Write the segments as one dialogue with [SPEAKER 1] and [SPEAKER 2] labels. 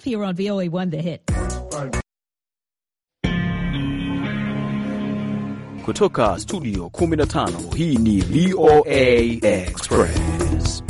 [SPEAKER 1] Love here on VOA1 The Hit.
[SPEAKER 2] Kutoka studio 15 hii ni VOA
[SPEAKER 3] Express.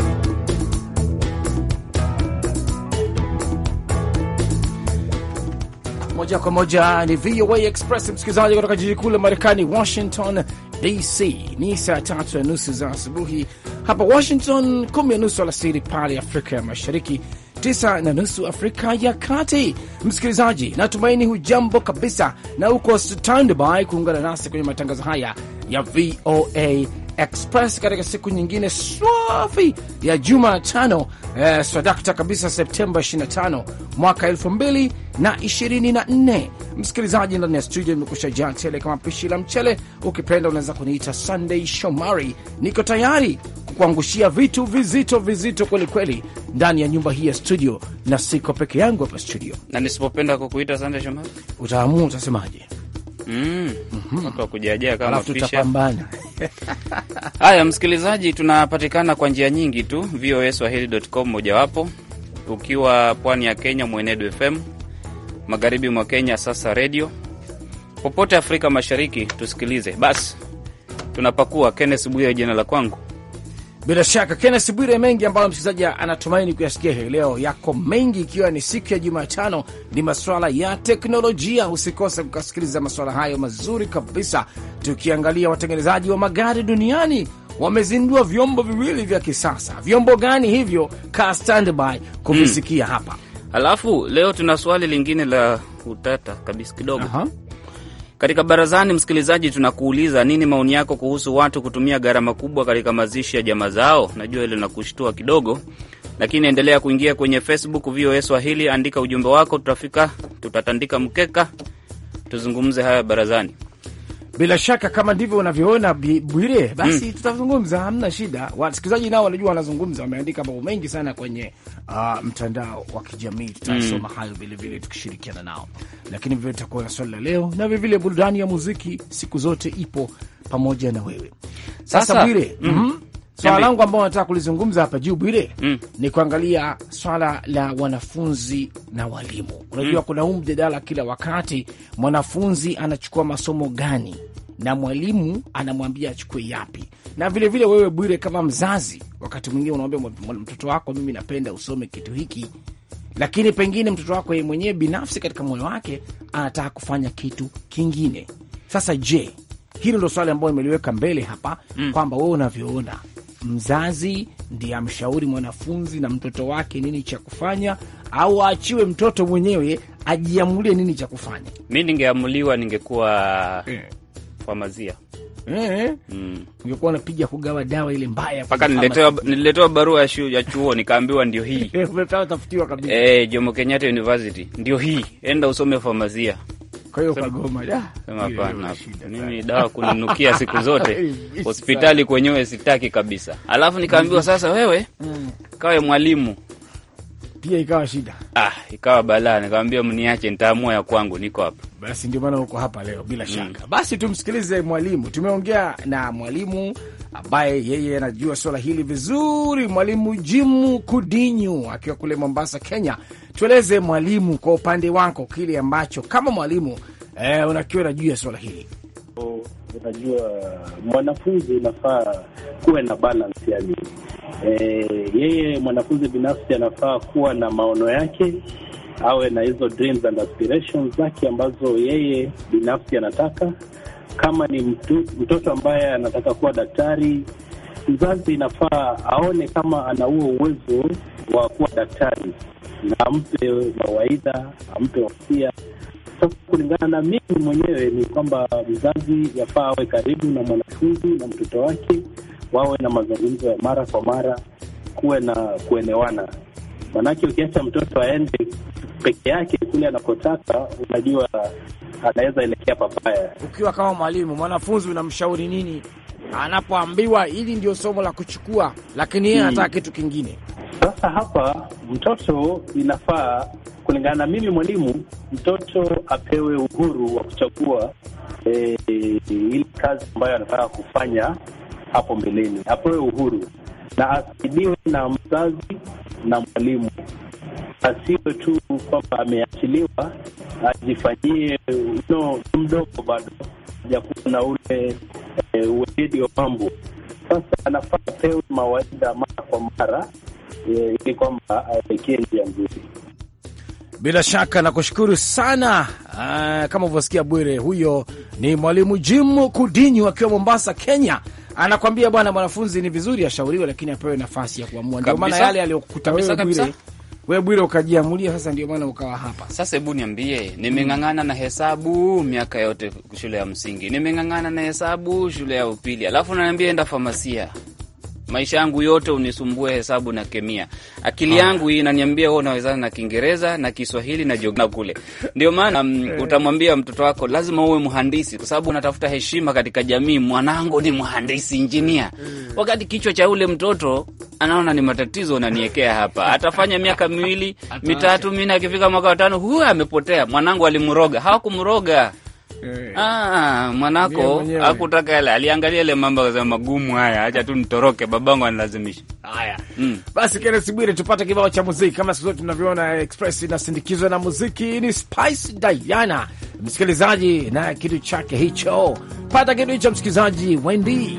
[SPEAKER 4] Moja kwa moja ni VOA Express, msikilizaji, kutoka jiji kuu la Marekani, Washington DC. Ni saa tatu na nusu za asubuhi hapa Washington, kumi na nusu alasiri pale Afrika ya Mashariki tisa na nusu Afrika ya Kati. Msikilizaji, natumaini hujambo kabisa na uko standby kuungana nasi kwenye matangazo haya ya VOA Express katika siku nyingine swafi ya Jumatano eh, swadakta kabisa Septemba 25 mwaka 2024. Msikilizaji, ndani ya studio nimekusha jaa tele kama pishi la mchele. Ukipenda unaweza kuniita Sunday Shomari, niko tayari kuangushia vitu vizito vizito kwelikweli ndani ya nyumba hii ya studio, na siko peke yangu hapa studio.
[SPEAKER 5] Na nisipopenda kukuita Sande Shomari,
[SPEAKER 4] utaamua utasemaje?
[SPEAKER 5] Mm. Mhm. Tutapambana. Haya, msikilizaji, tunapatikana kwa njia nyingi tu, VOA Swahili.com mojawapo, ukiwa pwani ya Kenya Mwenedu FM, magharibi mwa Kenya sasa redio, popote Afrika Mashariki tusikilize. Basi tunapakua. Kenneth Buya jina la kwangu
[SPEAKER 4] bila shaka Kennes Bwire, mengi ambayo msikilizaji anatumaini kuyasikia hii leo yako mengi, ikiwa ni siku ya Jumatano ni masuala ya teknolojia. Usikose kukasikiliza masuala hayo mazuri kabisa, tukiangalia watengenezaji wa magari duniani wamezindua vyombo viwili vya kisasa. Vyombo gani hivyo? Ka standby kuvisikia hmm, hapa.
[SPEAKER 5] Alafu leo tuna swali lingine la utata kabisa kidogo. uh -huh. Katika barazani, msikilizaji, tunakuuliza nini maoni yako kuhusu watu kutumia gharama kubwa katika mazishi ya jamaa zao. Najua hilo nakushtua kidogo, lakini endelea kuingia kwenye Facebook VOA Swahili, andika ujumbe wako, tutafika tutatandika mkeka, tuzungumze haya barazani.
[SPEAKER 4] Bila shaka kama ndivyo unavyoona Bwire, basi mm, tutazungumza, hamna shida. Wasikilizaji nao wanajua wanazungumza, wameandika mambo mengi sana kwenye uh, mtandao wa kijamii. Tutasoma mm, hayo vilevile tukishirikiana nao, lakini vile tutakuwa na swali la leo na vilevile burudani ya muziki siku zote ipo pamoja na wewe.
[SPEAKER 6] Sasa sasa Bwire, mm, -hmm. swala langu
[SPEAKER 4] ambao nataka kulizungumza hapa juu Bwire mm, ni kuangalia swala la wanafunzi na walimu. Unajua mm, kuna huu mjadala kila wakati, mwanafunzi anachukua masomo gani na mwalimu anamwambia achukue yapi. Na vilevile vile wewe Bwire, kama mzazi, wakati mwingine unaambia mtoto wako, mimi napenda usome kitu hiki, lakini pengine mtoto wako yeye mwenyewe binafsi katika moyo wake anataka kufanya kitu kingine. Sasa je, hilo ndo swali ambayo imeliweka mbele hapa mm, kwamba wewe unavyoona mzazi ndiye amshauri mwanafunzi na mtoto wake nini cha kufanya, au aachiwe mtoto mwenyewe ajiamulie nini cha kufanya.
[SPEAKER 5] Mi ningeamuliwa, ningekuwa eh famazia eh, eh. mm.
[SPEAKER 4] unapiga kugawa dawa ile mbaya mpaka
[SPEAKER 5] niletewa, barua ya chuo nikaambiwa ndio hii
[SPEAKER 4] tafutiwa kabisa eh,
[SPEAKER 5] Jomo Kenyatta University ndio hii, enda usome famazia.
[SPEAKER 4] Kwa hiyo ukagoma, sema ah, hapana,
[SPEAKER 5] mimi dawa kununukia siku zote hospitali kwenyewe sitaki kabisa. Alafu nikaambiwa sasa,
[SPEAKER 4] wewe mm.
[SPEAKER 5] kawe mwalimu
[SPEAKER 4] pia ikawa shida.
[SPEAKER 5] Ah, ikawa balaa. Nikamwambia mniache, nitaamua ya kwangu, niko hapa.
[SPEAKER 4] Basi ndio maana uko hapa leo bila mm. shaka. Mm. Basi tumsikilize mwalimu. Tumeongea na mwalimu ambaye yeye anajua swala hili vizuri, mwalimu Jimu Kudinyu akiwa kule Mombasa, Kenya. Tueleze mwalimu, kwa upande wako kile ambacho kama mwalimu eh, unakiwa unajua swala hili.
[SPEAKER 3] Unajua mwanafunzi unafaa kuwe na balance yani e, yeye mwanafunzi binafsi anafaa kuwa na maono yake, awe na hizo dreams and aspirations zake ambazo yeye binafsi anataka. Kama ni mtu, mtoto ambaye anataka kuwa daktari, mzazi inafaa aone kama ana huo uwezo wa kuwa daktari na ampe mawaidha, ampe wasia. Sasa kulingana na mimi mwenyewe ni kwamba mzazi yafaa awe karibu na mwanafunzi na mtoto wake wawe na mazungumzo ya mara kwa mara, kuwe na kuelewana. Manake ukiacha mtoto aende peke yake kule anakotaka, unajua anaweza elekea papaya.
[SPEAKER 4] Ukiwa kama mwalimu, mwanafunzi unamshauri nini anapoambiwa hili ndio somo la kuchukua, lakini yeye anataka hmm, kitu kingine?
[SPEAKER 3] Sasa hapa mtoto inafaa kulingana na mimi mwalimu, mtoto apewe uhuru wa kuchagua e, ile kazi ambayo anataka kufanya hapo mbeleni, apewe uhuru na asaidiwe na mzazi na mwalimu, asiwe tu kwamba ameachiliwa ajifanyie no, mdogo bado hajakuwa na ule e, wa mambo. Sasa anafaa pewe mawaidha mara kwa mara e, ili kwamba aelekee njia nzuri.
[SPEAKER 4] Bila shaka nakushukuru sana. Aa, ah, kama ulivyosikia Bwire, huyo ni mwalimu Jim Kudinyu akiwa Mombasa, Kenya, anakwambia bwana, mwanafunzi ni vizuri ashauriwe, lakini apewe nafasi ya kuamua. Ndio maana yale aliyokuta wewe Bwire, wewe Bwire ukajiamulia, sasa ndio maana
[SPEAKER 5] ukawa hapa. Sasa hebu niambie, nimeng'ang'ana na hesabu miaka yote shule ya msingi, nimeng'ang'ana na hesabu shule ya upili, alafu naniambia enda famasia maisha yangu yote unisumbue hesabu na kemia, akili yangu hii inaniambia wewe unawezana na Kiingereza na Kiswahili na jiografia kule. Ndio maana um, utamwambia mtoto wako lazima uwe mhandisi, kwa sababu unatafuta heshima katika jamii. Mwanangu ni mhandisi injinia, eh. wakati kichwa cha ule mtoto anaona ni matatizo unaniekea hapa. Atafanya miaka miwili mitatu mine akifika mwaka watano, huyo amepotea. Mwanangu alimroga, hawakumroga Eh, ah, mwanako akutaka yale, aliangalia ile mambo akasema magumu haya, acha tu nitoroke, babangu anilazimisha
[SPEAKER 4] haya. Mm. Basi Kenesi sibiri tupate kibao cha muziki. Kama sisi tunavyoona, Express inasindikizwa na muziki, ni Spice Diana msikilizaji, na kitu chake hicho. Pata kitu hicho msikilizaji, Wendy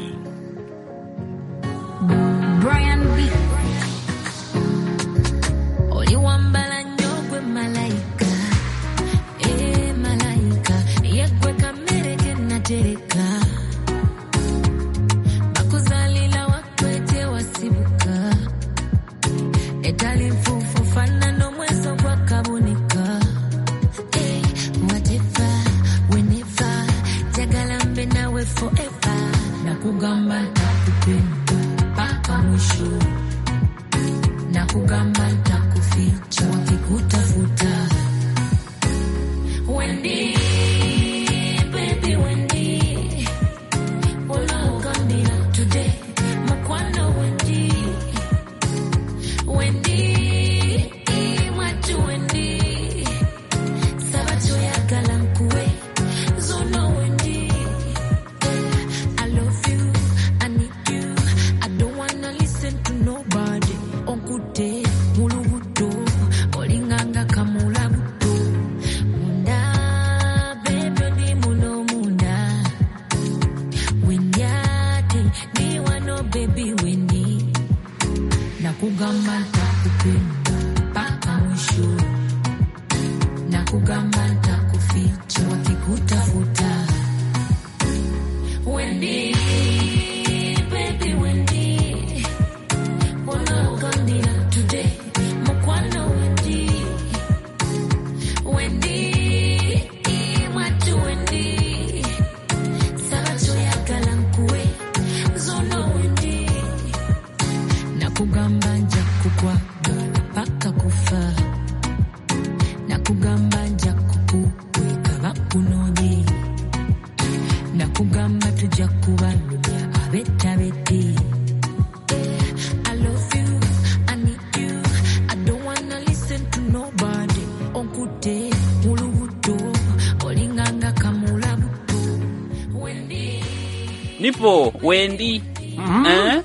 [SPEAKER 5] nipo Wendi. mm -hmm. eh?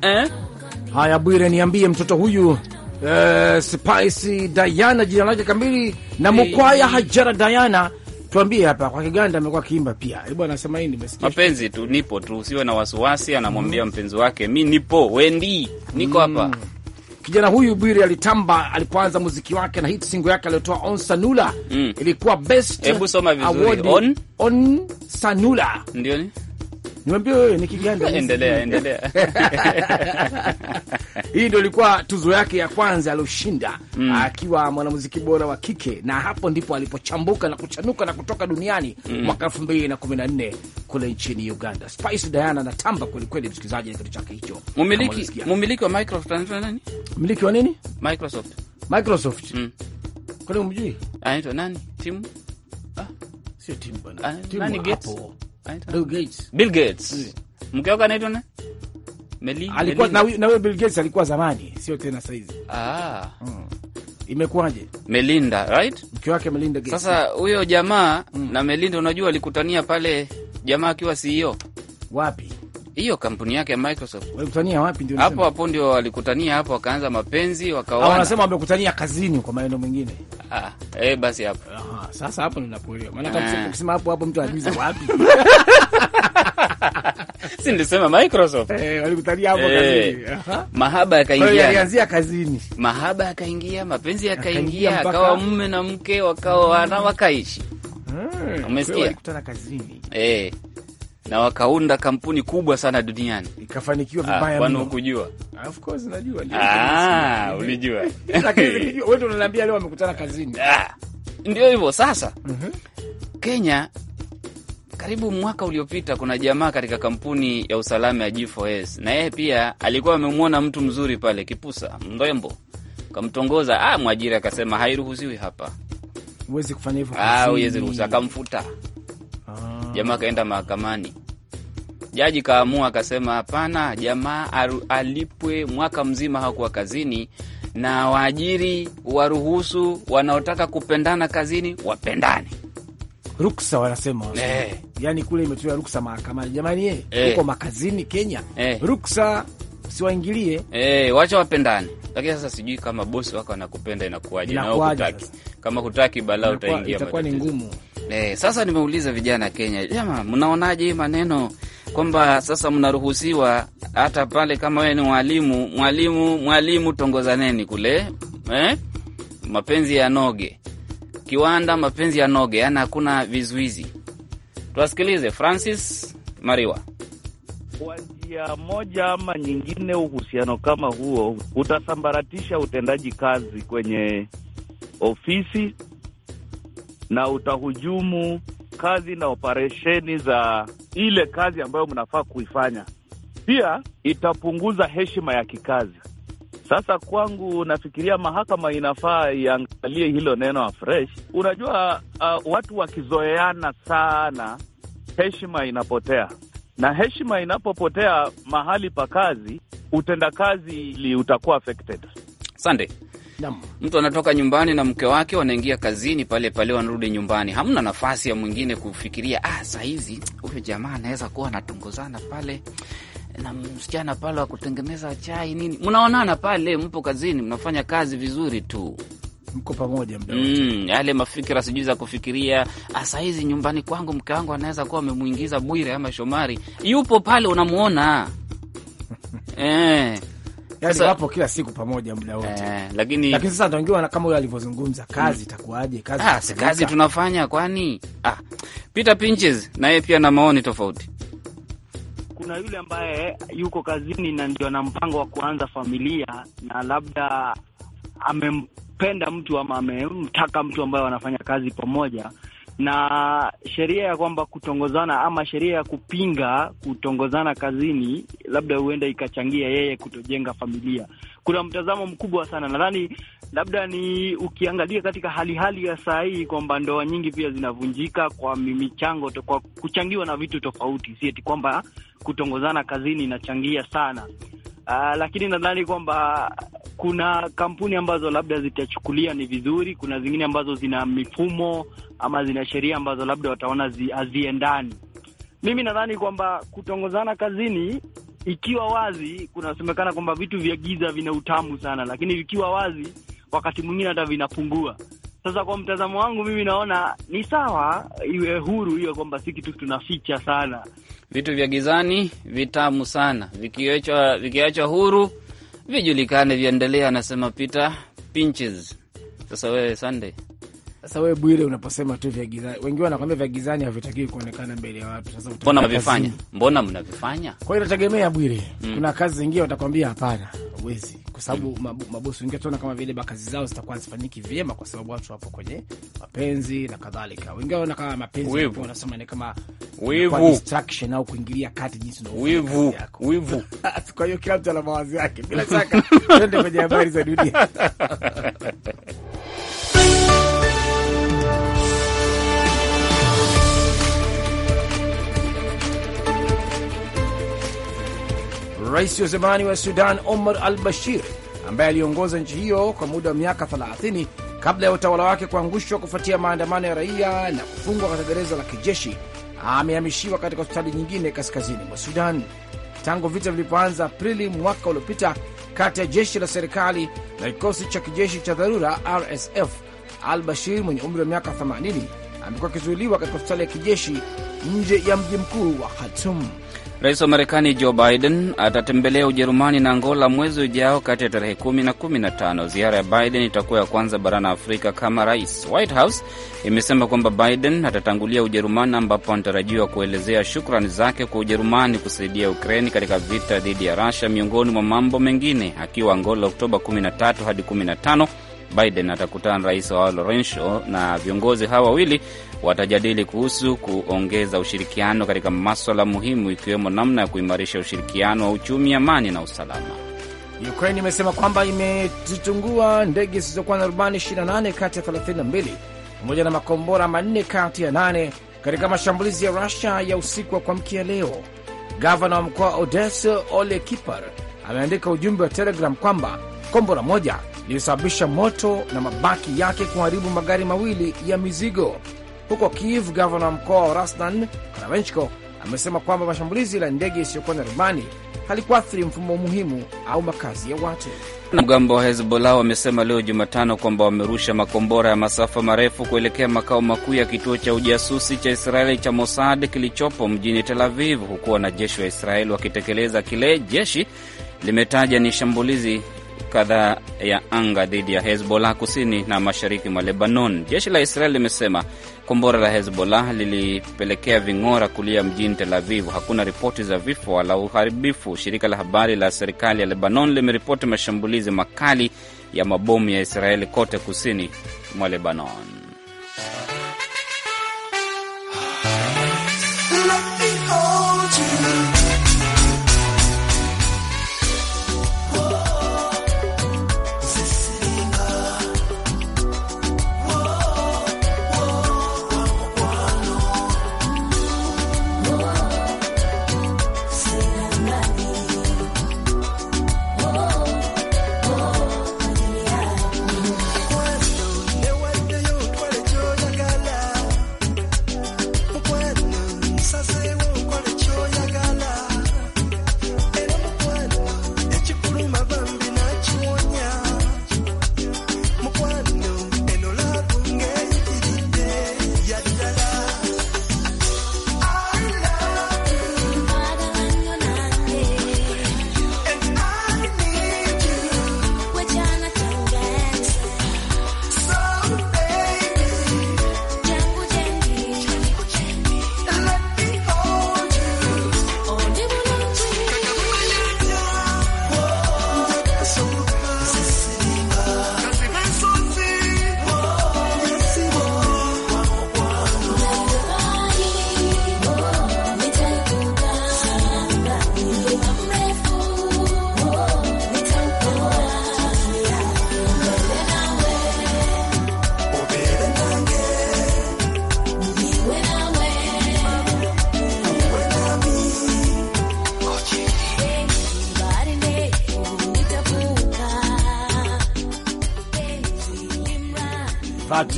[SPEAKER 5] Eh?
[SPEAKER 4] Haya Bwire, niambie mtoto huyu eh, Spice Diana jina lake kamili na Mukwaya Hajara Diana Tuambie hapa kwa Kiganda amekuwa kiimba pia. Hebu anasema hii nimesikia. Mapenzi
[SPEAKER 5] tu nipo tu, usiwe na wasiwasi, anamwambia mm. mpenzi wake, mi nipo Wendi, niko mhm. hapa mm.
[SPEAKER 4] Kijana huyu Bwiri alitamba alipoanza muziki wake na hit single yake aliyotoa On Sanula mm. ilikuwa best. Hebu soma vizuri. On On Sanula. Ndio ni? niwambie wewe ni Kiganda. Endelea, endelea. Hii ndio ilikuwa tuzo yake ya kwanza aliyoshinda mm. akiwa mwanamuziki bora wa kike, na hapo ndipo alipochambuka na kuchanuka na kutoka duniani mm. mwaka elfu mbili na kumi na nne kule nchini Uganda. Spice Diana anatamba kwelikweli, msikilizaji, na kitu chake hicho. Mumiliki mumiliki wa Microsoft anaitwa nani? Mmiliki wa nini? Microsoft, Microsoft
[SPEAKER 5] mm. kwani umjui anaitwa nani? Timu ah, sio timu bwana. Ah, timu hapo Bill Gates. Bill Gates. Mke wako anaitwa nani? Meli. Alikuwa na
[SPEAKER 4] huyo Bill Gates alikuwa zamani, sio tena saizi.
[SPEAKER 5] Ah. Mm. Imekuwaje? Melinda, right? Mke wake Melinda Gates. Sasa huyo jamaa mm. na Melinda unajua alikutania pale jamaa akiwa CEO. Wapi? hiyo kampuni yake ya Microsoft.
[SPEAKER 4] Walikutania wapi? Ndio hapo
[SPEAKER 5] hapo ndio walikutania hapo, wakaanza mapenzi, wakaona. Ah, Wanasema
[SPEAKER 4] wamekutania kazini, kwa maneno mengine.
[SPEAKER 5] Ah, eh, basi hapo. Aha, sasa hapo ninapoelewa. Maana kama ah. ukisema
[SPEAKER 4] hapo hapo mtu anajiuliza wapi.
[SPEAKER 5] Si ndisema Microsoft. Eh, walikutania hapo eh, kazini. Mahaba yakaingia. alianzia kazini. Mahaba yakaingia, mapenzi yakaingia, akawa mume na mke, wakaoana, wakaishi. Hmm, Umesikia? Walikutana kazini. Eh na wakaunda kampuni kubwa sana duniani ikafanikiwa ah, vibaya mno. Kujua ah, of course najua, ah, ulijua lakini wewe unaniambia leo wamekutana kazini. Ah, ndio hivyo sasa. mm -hmm. Kenya karibu mwaka uliopita, kuna jamaa katika kampuni ya usalama ya G4S na yeye pia alikuwa amemwona mtu mzuri pale, kipusa mrembo, kamtongoza. Ah, mwajiri akasema hairuhusiwi hapa,
[SPEAKER 4] huwezi kufanya hivyo, ah, huwezi ruhusa,
[SPEAKER 5] akamfuta Mm. Jamaa akaenda mahakamani, jaji kaamua akasema, hapana, jamaa alipwe mwaka mzima, hakuwa kazini na waajiri waruhusu wanaotaka kupendana kazini wapendane.
[SPEAKER 4] Ruksa wanasema eh, yani kule imetolewa ruksa mahakamani. Jamani ye eh, huko eh. makazini Kenya
[SPEAKER 5] eh, ruksa siwaingilie eh, wacha wapendane. Lakini sasa sijui kama bosi wako anakupenda inakuwaje, nao kutaki kama kutaki balaa utaingia, itakuwa ni ngumu. Eh, sasa nimeuliza vijana Kenya, jama, mnaonaje maneno kwamba sasa mnaruhusiwa hata pale kama wewe ni mwalimu, mwalimu, mwalimu, tongozaneni kule eh? Mapenzi ya noge kiwanda, mapenzi ya noge, yaani hakuna vizuizi. Tuwasikilize Francis Mariwa.
[SPEAKER 2] Kwa njia moja ama nyingine, uhusiano kama huo utasambaratisha utendaji kazi kwenye ofisi na utahujumu kazi na operesheni za ile kazi ambayo mnafaa kuifanya. Pia itapunguza heshima ya kikazi. Sasa kwangu, nafikiria mahakama inafaa iangalie hilo neno afresh. Unajua, uh, watu wakizoeana sana, heshima
[SPEAKER 5] inapotea, na heshima inapopotea mahali pa kazi, utendakazi utakuwa affected. Sande. Mtu anatoka nyumbani na mke wake, wanaingia kazini pale pale, wanarudi nyumbani. Hamna nafasi ya mwingine kufikiria, ah, saa hizi huyo jamaa anaweza kuwa anatongozana pale na msichana pale wa kutengeneza chai nini. Mnaonana pale, mpo kazini, mnafanya kazi vizuri tu mko pamoja mm, yale mafikira sijui za kufikiria ah, saa nyumbani kwangu mke wangu anaweza kuwa amemwingiza Bwire ama Shomari, yupo pale unamuona eh yani wapo
[SPEAKER 4] kila siku pamoja muda wote eh, lakini lakini sasa wengine kama yule alivyozungumza kazi itakuwaje? mm. kazi ah, si kazi
[SPEAKER 5] tunafanya kwani? Ah, Peter Pinches naye pia na maoni tofauti.
[SPEAKER 2] Kuna yule ambaye yuko kazini na ndio ana mpango wa kuanza familia na labda amempenda mtu ama amemtaka mtu ambaye wanafanya kazi pamoja na sheria ya kwamba kutongozana ama sheria ya kupinga kutongozana kazini labda huenda ikachangia yeye kutojenga familia. Kuna mtazamo mkubwa sana, nadhani labda ni ukiangalia katika hali hali ya saa hii kwamba ndoa nyingi pia zinavunjika kwa michango, kwa kuchangiwa na vitu tofauti, si eti kwamba kutongozana kazini inachangia sana. Uh, lakini nadhani kwamba kuna kampuni ambazo labda zitachukulia ni vizuri, kuna zingine ambazo zina mifumo ama zina sheria ambazo labda wataona haziendani. Mimi nadhani kwamba kutongozana kazini ikiwa wazi, kunasemekana kwamba vitu vya giza vina utamu sana, lakini vikiwa wazi, wakati mwingine hata vinapungua. Sasa kwa mtazamo wangu mimi naona ni sawa, iwe huru, hiyo, kwamba si kitu tunaficha
[SPEAKER 5] sana vitu vya gizani vitamu sana, vikiachwa vikiachwa huru vijulikane, viendelea, anasema Peter Pinches. Sasa wewe Sunday
[SPEAKER 4] sasa wewe Bwire, unaposema tu vya gizani, wengi wanakwambia vya gizani havitakiwi kuonekana mbele ya watu. Sasa
[SPEAKER 5] mbona mnavifanya? Mbona mnavifanya?
[SPEAKER 4] Kwa hiyo inategemea Bwire, mm. kuna kazi zingine watakwambia hapana, huwezi, kwa sababu mm. mabosi wengine tunaona kama vile kazi zao zitakuwa hazifanyiki vyema, kwa sababu watu wapo kwenye mapenzi na kadhalika. Wengine wanaona kama mapenzi, wanasema ni kama wivu, distraction au kuingilia kati jinsi wivu, wivu. Kwa hiyo kila mtu ana mawazo yake,
[SPEAKER 1] bila shaka. Twende kwenye habari za dunia.
[SPEAKER 4] Rais wa zamani wa Sudan Omar al Bashir, ambaye aliongoza nchi hiyo kwa muda wa miaka 30 kabla ya utawala wake kuangushwa kufuatia maandamano ya raia na kufungwa katika gereza la kijeshi, amehamishiwa katika hospitali nyingine kaskazini mwa Sudan. Tangu vita vilipoanza Aprili mwaka uliopita, kati ya jeshi la serikali na kikosi cha kijeshi cha dharura RSF. Al Bashir mwenye umri wa miaka 80 amekuwa akizuiliwa katika hospitali ya kijeshi nje ya mji mkuu wa Khartoum.
[SPEAKER 5] Rais wa Marekani Joe Biden atatembelea Ujerumani na Angola mwezi ujao kati ya tarehe kumi na 15. Ziara ya Biden itakuwa ya kwanza barani Afrika kama rais. White House imesema kwamba Biden atatangulia Ujerumani ambapo anatarajiwa kuelezea shukrani zake kwa Ujerumani kusaidia Ukraini katika vita dhidi ya Russia miongoni mwa mambo mengine, akiwa Angola Oktoba 13 hadi 15 Biden atakutana rais wa Lorenzo na viongozi hawa wawili watajadili kuhusu kuongeza ushirikiano katika maswala muhimu ikiwemo namna ya kuimarisha ushirikiano wa uchumi, amani na usalama.
[SPEAKER 4] Ukraine imesema kwamba imezitungua ndege zisizokuwa na rubani 28 kati ya 32 pamoja na makombora manne kati ya nane katika mashambulizi ya Rusia ya usiku wa kuamkia leo. Gavana wa mkoa wa Odessa Ole Kipar ameandika ujumbe wa Telegram kwamba kombora moja lilisababisha moto na mabaki yake kuharibu magari mawili ya mizigo. Huko Kiev, gavana wa mkoa wa Rasnan Karavenchko amesema kwamba mashambulizi la ndege isiyokuwa na rubani halikuathiri mfumo muhimu au makazi ya watu.
[SPEAKER 5] Mgambo wa Hezbollah wamesema leo Jumatano kwamba wamerusha makombora ya masafa marefu kuelekea makao makuu ya kituo cha ujasusi cha Israeli cha Mossad kilichopo mjini Tel Aviv, huku wanajeshi wa Israeli wakitekeleza kile jeshi limetaja ni shambulizi kadhaa ya anga dhidi ya Hezbollah kusini na mashariki mwa Lebanon. Jeshi la Israel limesema kombora la Hezbollah lilipelekea ving'ora kulia mjini Tel Aviv. Hakuna ripoti za vifo wala uharibifu. Shirika la habari la serikali ya Lebanon limeripoti mashambulizi makali ya mabomu ya Israeli kote kusini mwa Lebanon.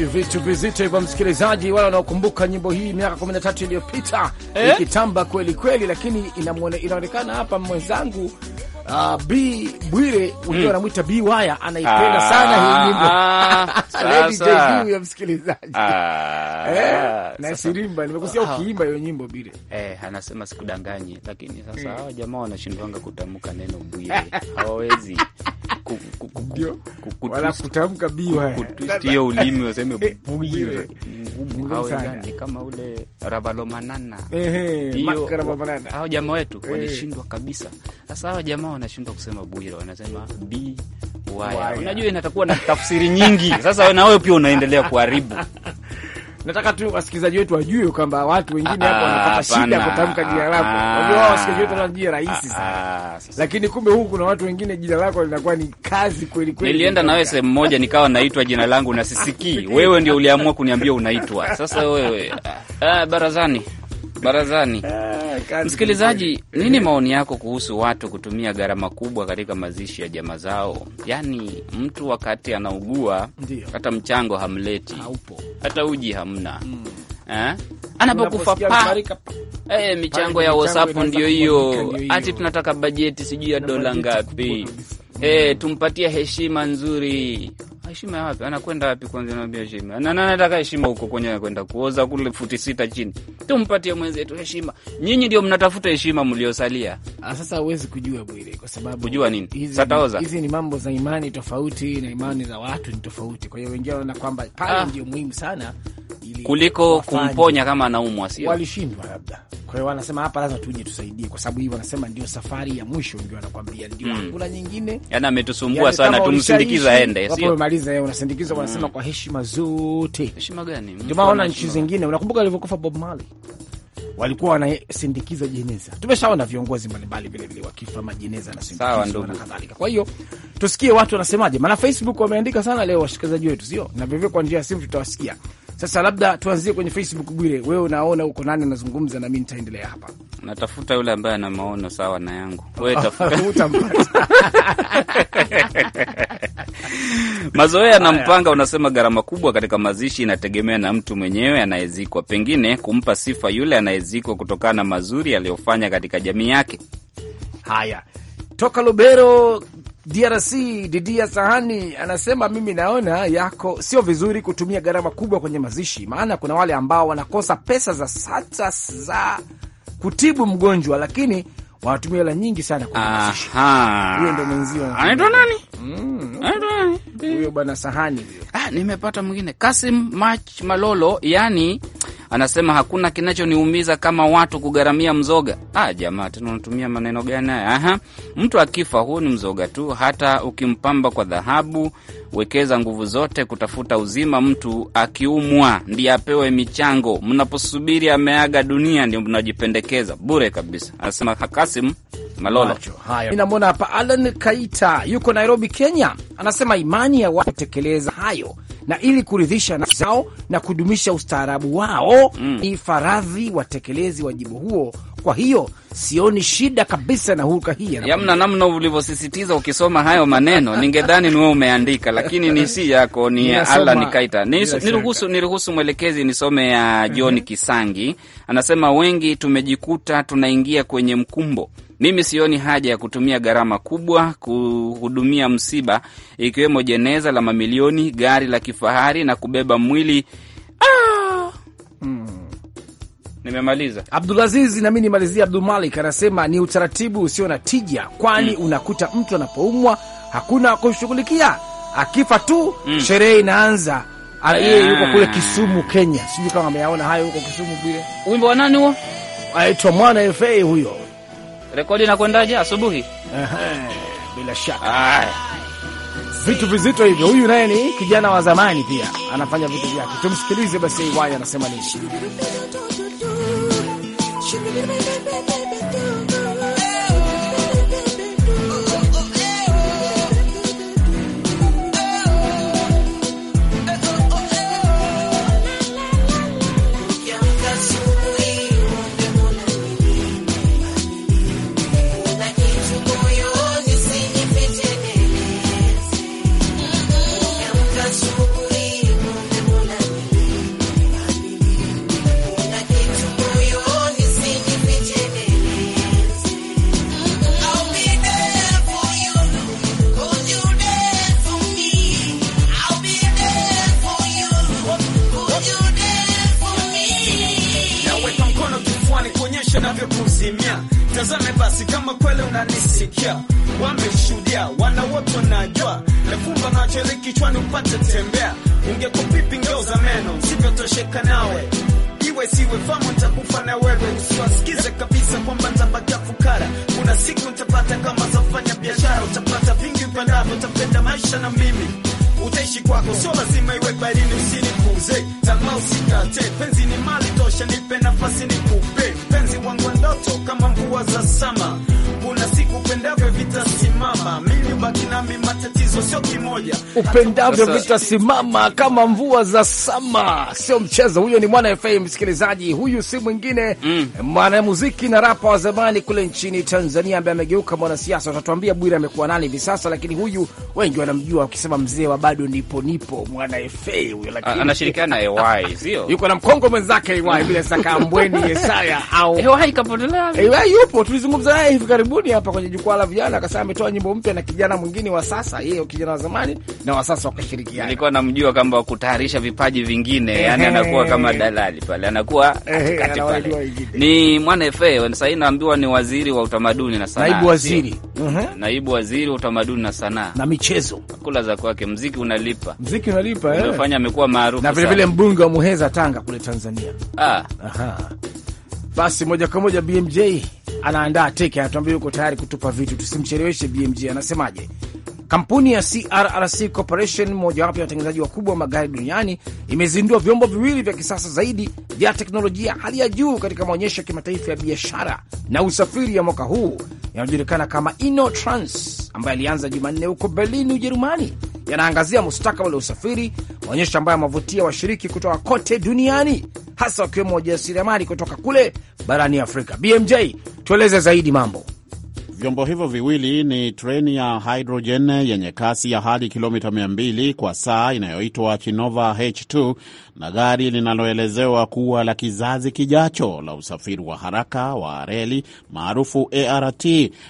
[SPEAKER 4] vizito hivyo, msikilizaji, wale wanaokumbuka nyimbo hii miaka 13 iliyopita eh, ikitamba kweli kweli, lakini inaonekana hapa mwenzangu Uh, B Bwire ukiwa hmm. anamwita mm. B Waya anaipenda ah, sana hii nyimbo ah, Lady ah, ya msikilizaji ah,
[SPEAKER 5] eh, na sirimba nimekusikia ukiimba hiyo nyimbo Bwire eh, anasema sikudanganyi, lakini sasa hmm. hawa mm. jamaa wanashindwanga kutamka neno Bwire hawawezi wala kutamka biwe ndio ulimi waseme eh, biwe ngumu, kama ule ravalomanana Hao jamaa wetu eh. walishindwa kabisa. Sasa hao jamaa wanashindwa kusema bwira, wanasema b waya. Unajua inatakuwa na tafsiri nyingi. Sasa na wewe pia unaendelea kuharibu
[SPEAKER 4] nataka tu wasikilizaji wetu wajue kwamba watu wengine hapo wanapata ah, shida kutamka jina lako. Ah. Unajua wasikilizaji wetu wanajua rahisi ah, sana, lakini kumbe huku kuna watu wengine jina lako linakuwa ni kazi kweli kweli. Nilienda na wewe
[SPEAKER 5] sehemu moja nikawa naitwa jina langu na sisikii. Wewe ndio uliamua kuniambia unaitwa sasa. Wewe ah, barazani barazani. Ah, Msikilizaji, nini maoni yako kuhusu watu kutumia gharama kubwa katika mazishi ya jamaa zao? Yaani mtu wakati anaugua hata mchango hamleti Haupo. hata uji hamna mm. eh?
[SPEAKER 6] anapokufa pa
[SPEAKER 5] Hey, eh, michango ya WhatsApp ndio hiyo, ati tunataka bajeti sijui ya dola ngapi, Hey, eh, tumpatie heshima nzuri heshima ya wapi? Anakwenda wapi? Kwanza naambia heshima na nani anataka heshima huko kwenye anakwenda kuoza kule futi sita chini, tumpatie mwenzetu heshima. Nyinyi ndio mnatafuta heshima mliosalia. Ah, sasa huwezi kujua Bwire, kwa sababu kujua nini? Sataoza hizi
[SPEAKER 4] ni mambo za imani tofauti, na imani za watu ni tofauti. Kwa hiyo wengine wanaona kwamba pale ah, ndio
[SPEAKER 5] muhimu sana
[SPEAKER 4] kuliko wafanyi, kumponya kama
[SPEAKER 5] anaumwa, sio
[SPEAKER 4] walishindwa labda. Kwa hiyo wanasema hapa lazima tuje tusaidie, kwa sababu hii wanasema ndio safari ya mwisho, ndio wanakwambia ndio, hmm. hakuna mm, nyingine.
[SPEAKER 5] Yaani ametusumbua yaani sana, tumsindikiza aende, sio
[SPEAKER 4] unasindikiza unasindikiza, wanasema kwa heshima zote.
[SPEAKER 5] Heshima gani? Ndio maana nchi
[SPEAKER 4] zingine, unakumbuka alivyokufa Bob Marley walikuwa wanasindikiza jeneza. Tumeshaona viongozi mbalimbali vilevile wakifa majeneza yanasindikizwa na kadhalika. Kwa hiyo tusikie watu wanasemaje, maana Facebook wameandika sana leo washikazaji wetu, sio na vivyo, kwa njia ya simu tutawasikia. Sasa labda tuanzie kwenye Facebook. Bwire, wewe unaona uko nani anazungumza, na mimi nitaendelea hapa.
[SPEAKER 5] Natafuta yule ambaye ana maono sawa na yangu, wewe tafuta utampata Mazoea na Mpanga unasema gharama kubwa katika mazishi inategemea na mtu mwenyewe anayezikwa, pengine kumpa sifa yule anayezikwa kutokana na mazuri aliyofanya katika jamii yake. Haya,
[SPEAKER 4] toka Lubero DRC, Didia Sahani anasema mimi naona yako sio vizuri kutumia gharama kubwa kwenye mazishi, maana kuna wale ambao wanakosa pesa za sata za kutibu mgonjwa, lakini wanatumia hela nyingi sana
[SPEAKER 5] kuhamasisha. Huyo ndo mwenzio hmm. Hmm. anaitwa nani? Huyo bwana Sahani Ah, nimepata mwingine Kasim Mach Malolo, yani Anasema hakuna kinachoniumiza kama watu kugharamia mzoga. Ah, jamaa tena unatumia maneno gani haya? Aha, mtu akifa, huu ni mzoga tu, hata ukimpamba kwa dhahabu. Wekeza nguvu zote kutafuta uzima. Mtu akiumwa ndiye apewe michango, mnaposubiri ameaga dunia ndio mnajipendekeza bure kabisa, anasema Kasim Malolo.
[SPEAKER 4] Ninamwona hapa Alan Kaita yuko Nairobi, Kenya, anasema imani ya watu kutekeleza hayo na ili kuridhisha nafsi zao na kudumisha ustaarabu wao, mm. ni faradhi watekelezi wajibu huo kwa hiyo sioni shida kabisa na huruka hii yamna.
[SPEAKER 5] Namna ulivyosisitiza ukisoma hayo maneno ningedhani ni wewe umeandika, lakini ni si yako, ni Allah nikaita. Niruhusu, niruhusu mwelekezi nisome ya John mhm. Kisangi, anasema wengi tumejikuta tunaingia kwenye mkumbo. Mimi sioni haja ya kutumia gharama kubwa kuhudumia msiba, ikiwemo jeneza la mamilioni, gari la kifahari na kubeba mwili ah! nimemaliza. Abdulaziz nami
[SPEAKER 4] nimalizia. Abdul Malik anasema ni utaratibu usio na tija, kwani mm. unakuta mtu anapoumwa hakuna kushughulikia, akifa tu mm. sherehe inaanza. Yeye yeah. yuko kule Kisumu, Kenya. Sijui kama ameyaona hayo huko Kisumu vile.
[SPEAKER 5] Wimbo wa nani huo? Aitwa Mwana FA huyo. Rekodi inakwendaje asubuhi? Bila shaka
[SPEAKER 4] vitu vizito hivyo. Huyu naye ni kijana wa zamani pia, anafanya vitu vyake. Tumsikilize basi. Waya anasema nini? Should
[SPEAKER 1] we be
[SPEAKER 2] nikupe mpenzi wangu ndoto kama sio kimoja,
[SPEAKER 4] upendavyo vitasimama kama mvua za sama, sio mchezo. Huyo ni Mwana FA msikilizaji, huyu si mwingine mm, mwanamuziki na rapa wa zamani kule nchini Tanzania ambaye amegeuka mwanasiasa. Utatuambia Bwira amekuwa nani hivi sasa, lakini huyu wengi wanamjua wakisema mzee wa bado nipo nipo Mwana FA huyo,
[SPEAKER 1] lakini anashirikiana
[SPEAKER 4] na AY, sio yuko na mkongo mwenzake AY bila saka Ambweni Yesaya au AY kapotelea. AY yupo, tulizungumza naye hivi karibuni hapa kwenye jukwaa la vijana, akasema ametoa nyimbo mpya na kijana mwingine wa sasa yeye kijana wa zamani na wa sasa wakashirikiana. Nilikuwa
[SPEAKER 5] namjua kama kutayarisha vipaji vingine yani anakuwa kama dalali pale, anakuwa katikati pale. Ni mwana FA sasa naambiwa ni waziri wa utamaduni na sanaa, naibu waziri uh-huh. naibu waziri wa utamaduni na sanaa na michezo. Kula za kwake, mziki unalipa,
[SPEAKER 4] mziki unalipa, eh. unafanya
[SPEAKER 5] amekuwa maarufu na vile vile
[SPEAKER 4] mbunge wa Muheza Tanga kule Tanzania.
[SPEAKER 5] Ah, aha, basi moja kwa moja
[SPEAKER 4] BMJ anaandaa teke, anatuambia yuko tayari kutupa vitu, tusimcheleweshe. BMJ anasemaje? Kampuni ya CRRC Corporation, mojawapo ya watengenezaji wakubwa wa magari duniani, imezindua vyombo viwili vya kisasa zaidi vya teknolojia hali ya juu katika maonyesho ya kimataifa ya biashara na usafiri ya mwaka huu yanayojulikana kama InnoTrans ambayo alianza Jumanne huko Berlin, Ujerumani. Yanaangazia mustakabali wa usafiri, maonyesho ambayo yamevutia washiriki kutoka kote duniani, hasa wakiwemo wajasiriamali kutoka kule
[SPEAKER 6] barani Afrika. BMJ, tueleze zaidi mambo Vyombo hivyo viwili ni treni ya hidrojen yenye kasi ya hadi kilomita 200 kwa saa inayoitwa Chinova H2 na gari linaloelezewa kuwa la kizazi kijacho la usafiri wa haraka wa reli maarufu ART,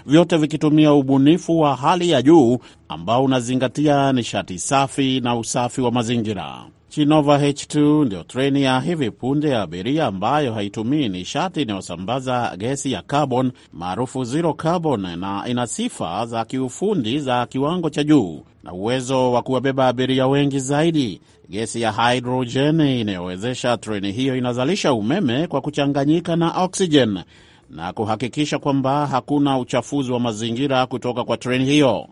[SPEAKER 6] vyote vikitumia ubunifu wa hali ya juu ambao unazingatia nishati safi na usafi wa mazingira. Chinova H2 ndio treni ya hivi punde ya abiria ambayo haitumii nishati inayosambaza gesi ya carbon maarufu zero carbon, na ina sifa za kiufundi za kiwango cha juu na uwezo wa kuwabeba abiria wengi zaidi. Gesi ya hidrojeni inayowezesha treni hiyo inazalisha umeme kwa kuchanganyika na oksijeni na kuhakikisha kwamba hakuna uchafuzi wa mazingira kutoka kwa treni hiyo.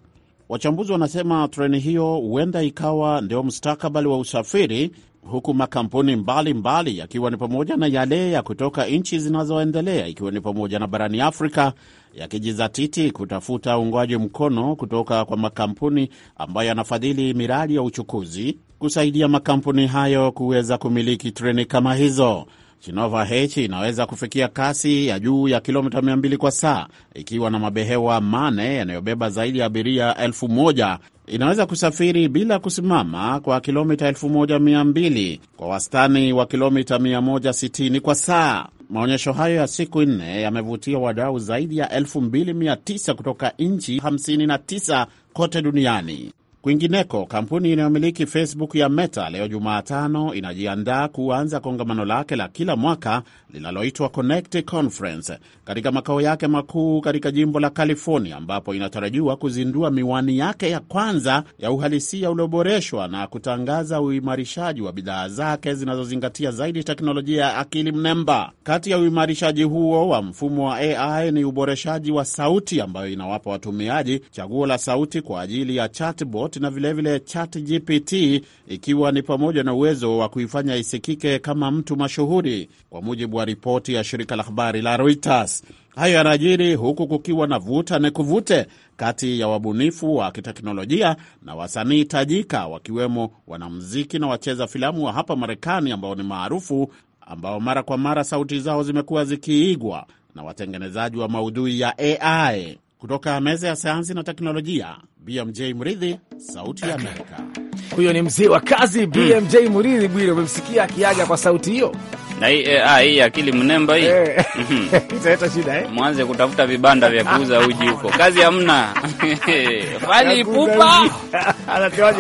[SPEAKER 6] Wachambuzi wanasema treni hiyo huenda ikawa ndio mustakabali wa usafiri, huku makampuni mbalimbali yakiwa ni pamoja na yale ya kutoka nchi zinazoendelea ikiwa ni pamoja na barani Afrika yakijizatiti kutafuta uungwaji mkono kutoka kwa makampuni ambayo yanafadhili miradi ya uchukuzi kusaidia makampuni hayo kuweza kumiliki treni kama hizo. Chinova H inaweza kufikia kasi ya juu ya kilomita 200 kwa saa, ikiwa na mabehewa mane yanayobeba zaidi ya abiria elfu moja. Inaweza kusafiri bila kusimama kwa kilomita 1200 kwa wastani wa kilomita 160 kwa saa. Maonyesho hayo ya siku nne yamevutia wadau zaidi ya 2900 kutoka nchi 59 kote duniani. Kwingineko, kampuni inayomiliki Facebook ya Meta leo Jumatano inajiandaa kuanza kongamano lake la kila mwaka linaloitwa Connect Conference katika makao yake makuu katika jimbo la California, ambapo inatarajiwa kuzindua miwani yake ya kwanza ya uhalisia ulioboreshwa na kutangaza uimarishaji wa bidhaa zake zinazozingatia zaidi teknolojia ya akili mnemba. Kati ya uimarishaji huo wa mfumo wa AI ni uboreshaji wa sauti ambayo inawapa watumiaji chaguo la sauti kwa ajili ya chatbot Chatbot na vilevile ChatGPT, ikiwa ni pamoja na uwezo wa kuifanya isikike kama mtu mashuhuri, kwa mujibu wa ripoti ya shirika la habari la Reuters. Hayo yanajiri huku kukiwa na vuta na kuvute kati ya wabunifu wa kiteknolojia na wasanii tajika, wakiwemo wanamuziki na wacheza filamu wa hapa Marekani ambao ni maarufu, ambao mara kwa mara sauti zao zimekuwa zikiigwa na watengenezaji wa maudhui ya AI. Kutoka meza ya sayansi na teknolojia, BMJ Mridhi, Sauti ya Amerika.
[SPEAKER 4] Huyo ni mzee wa kazi hmm. BMJ Mridhi. Bwire, umemsikia akiaga kwa sauti hiyo
[SPEAKER 5] na hii akili mnemba hii eh. mhm. italeta shida eh, mwanze kutafuta vibanda vya kuuza uji huko, kazi hamna. Fali pupa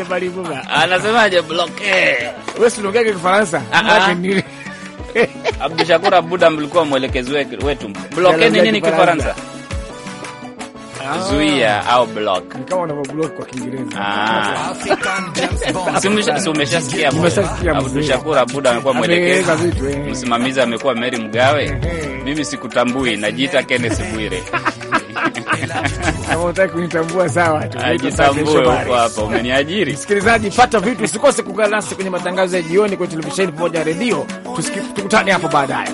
[SPEAKER 4] Fali pupa
[SPEAKER 5] anasemaje? Bloke wewe, si unaongea Kifaransa? Ah, ah. Abdushakur Abuda mlikuwa mwelekezi wetu, blokeni nini Kifaransa? zuia au block, nikawa na block kwa Kiingereza. Ah, Si umeshasikia Abdul Shakur Abud amekuwa mwelekezi, eh. msimamizi amekuwa Mary Mgawe. Eh, eh. Mimi sikutambui, najiita Kenneth Bwire.
[SPEAKER 4] Kama unataka kunitambua sawa tu, jitambue huko hapa, umeniajiri. Msikilizaji, pata vitu, usikose kuungana nasi kwenye matangazo ya jioni kwa televisheni pamoja na redio. Tukutane hapo baadaye.